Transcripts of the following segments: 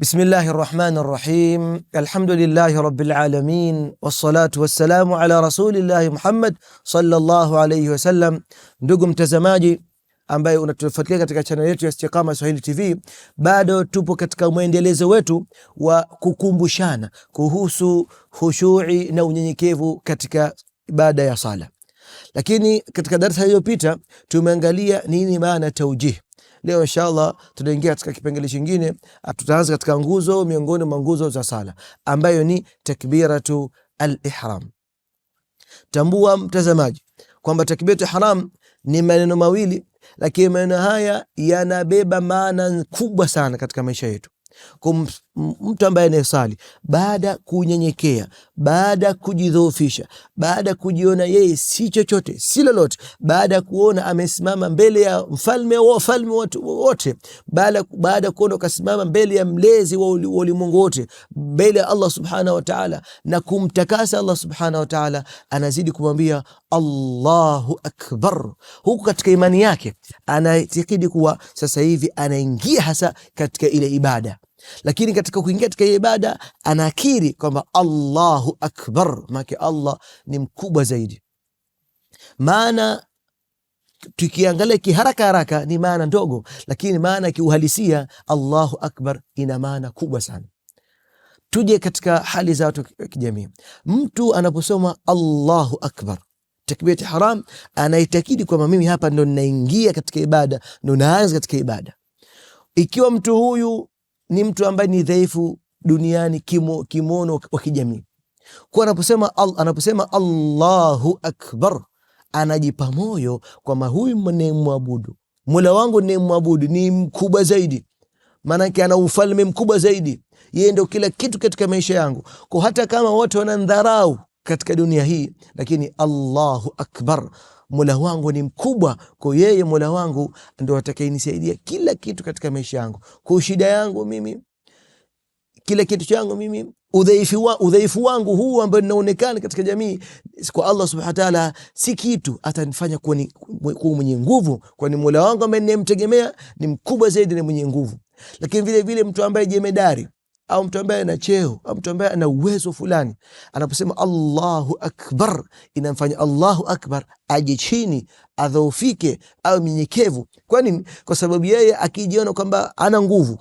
Bismillahi rahmani rahim, alhamdulillahi rabbil alamin, wassalatu wassalamu ala rasulillahi Muhammad sallallahu alayhi wasallam. Ndugu mtazamaji ambaye unatufuatilia katika channel yetu ya Istiqama Swahili TV, bado tupo katika mwendelezo wetu wa kukumbushana kuhusu khushui na unyenyekevu katika ibada ya sala, lakini katika darasa iliyopita tumeangalia nini maana taujih Leo inshallah tunaingia katika kipengele chingine, ah, tutaanza katika nguzo miongoni mwa nguzo za sala ambayo ni takbiratu al-ihram. Tambua mtazamaji kwamba takbiratu ihram ni maneno mawili, lakini maneno haya yanabeba maana kubwa sana katika maisha yetu mtu ambaye anayesali baada kunyenyekea, baada kujidhoofisha, baada kujiona yeye si chochote si lolote, baada ya kuona amesimama mbele ya mfalme wa wafalme wote, baada baada kuona kasimama mbele ya mlezi wa ulimwengu wote, mbele ya Allah subhanahu wa ta'ala, na kumtakasa Allah subhanahu wa ta'ala, anazidi kumwambia Allahu akbar, huku katika imani yake anaitikidi kuwa sasa hivi anaingia hasa katika ile ibada lakini katika kuingia katika hiyo ibada anakiri kwamba Allahu akbar, maana Allah ni mkubwa zaidi. Maana tukiangalia kiharaka haraka ni maana ndogo, lakini maana kiuhalisia Allahu akbar ina maana kubwa sana. Tuje katika hali za watu kijamii, mtu anaposoma Allahu akbar takbirati haram, anaitakidi kwamba mimi hapa ndo ninaingia katika ibada, ndo naanza katika ibada. Ikiwa mtu huyu ni mtu ambaye ni dhaifu duniani kimo, kimono wa kijamii. Kwa anaposema al, anaposema Allahu akbar anajipa moyo kwamba huyu ninayemwabudu Mola wangu ninayemwabudu ni mkubwa zaidi, maanake ana ufalme mkubwa zaidi, yeye ndio kila kitu katika maisha yangu, kwa hata kama watu wanandharau katika dunia hii, lakini Allahu akbar, mola wangu ni mkubwa, kwa yeye mola wangu ndo atakayenisaidia kila kitu katika maisha yangu, kwa shida yangu mimi, kila kitu changu mimi, udhaifu wa, udhaifu wangu huu ambao ninaonekana katika jamii, kwa Allah subhanahu wa ta'ala si kitu, atanifanya kuwa ni kuwa mwenye nguvu, kwani mola wangu ambaye ninayemtegemea ni mkubwa zaidi na mwenye nguvu. Lakini vile vile mtu ambaye jemedari au mtu ambaye ana cheo au mtu ambaye ana uwezo fulani, anaposema Allahu akbar, inamfanya Allahu akbar aje chini, adhoofike, au mnyenyekevu. Kwa nini? Kwa sababu yeye akijiona kwamba ana nguvu,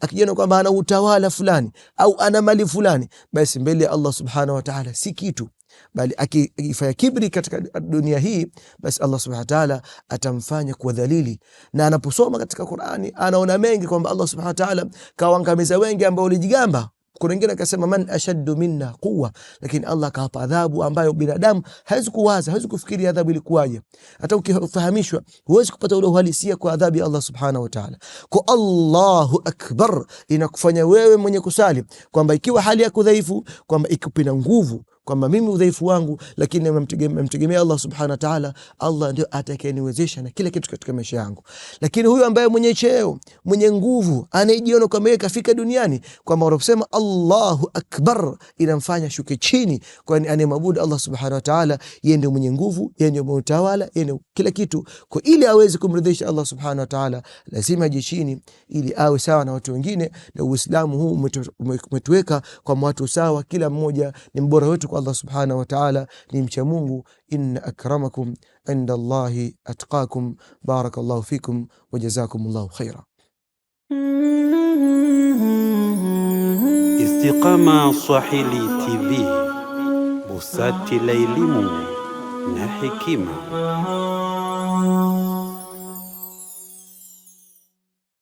akijiona kwamba ana utawala fulani au ana mali fulani, basi mbele ya Allah subhanahu wa ta'ala si kitu bali akifanya kibri katika dunia hii, basi Allah subhanahu wa ta'ala atamfanya kuwa dhalili. Na anaposoma katika Qur'ani anaona mengi kwamba Allah subhanahu wa ta'ala kawaangamiza wengi ambao walijigamba. Kuna wengine akasema man ashaddu minna quwwa, lakini Allah akawapa adhabu ambayo binadamu hawezi kuwaza, hawezi kufikiria adhabu ilikuwaje. Hata ukifahamishwa huwezi kupata ule uhalisia kwa adhabu ya Allah subhanahu wa ta'ala. Kwa Allahu akbar inakufanya wewe mwenye kusali kwamba ikiwa hali ya kudhaifu, kwamba ikupina nguvu kwamba mimi udhaifu wangu, lakini namtegemea Allah subhanahu wa ta'ala. Allah ndio atakayeniwezesha na kila kitu katika maisha yangu. Lakini huyu ambaye mwenye cheo, mwenye nguvu, anayejiona kwamba yeye kafika duniani, kwamba unaposema Allahu akbar inamfanya shuke chini, kwani anayemwabudu Allah subhanahu wa ta'ala yeye ndio mwenye nguvu, yeye ndio mwenye utawala, yeye ndio kila kitu. Kwa ili aweze kumridhisha Allah subhanahu wa ta'ala, lazima aje chini ili awe sawa na watu wengine, na Uislamu huu umetuweka kwa watu sawa, kila mmoja ni mbora wetu kwa Allah subhanahu wa ta'ala ni mcha Mungu, inna akramakum inda Allahi atqakum. Barakallahu fikum wa jazakum jazakumullahu khaira. Istiqama Swahili TV, busati la elimu na hekima.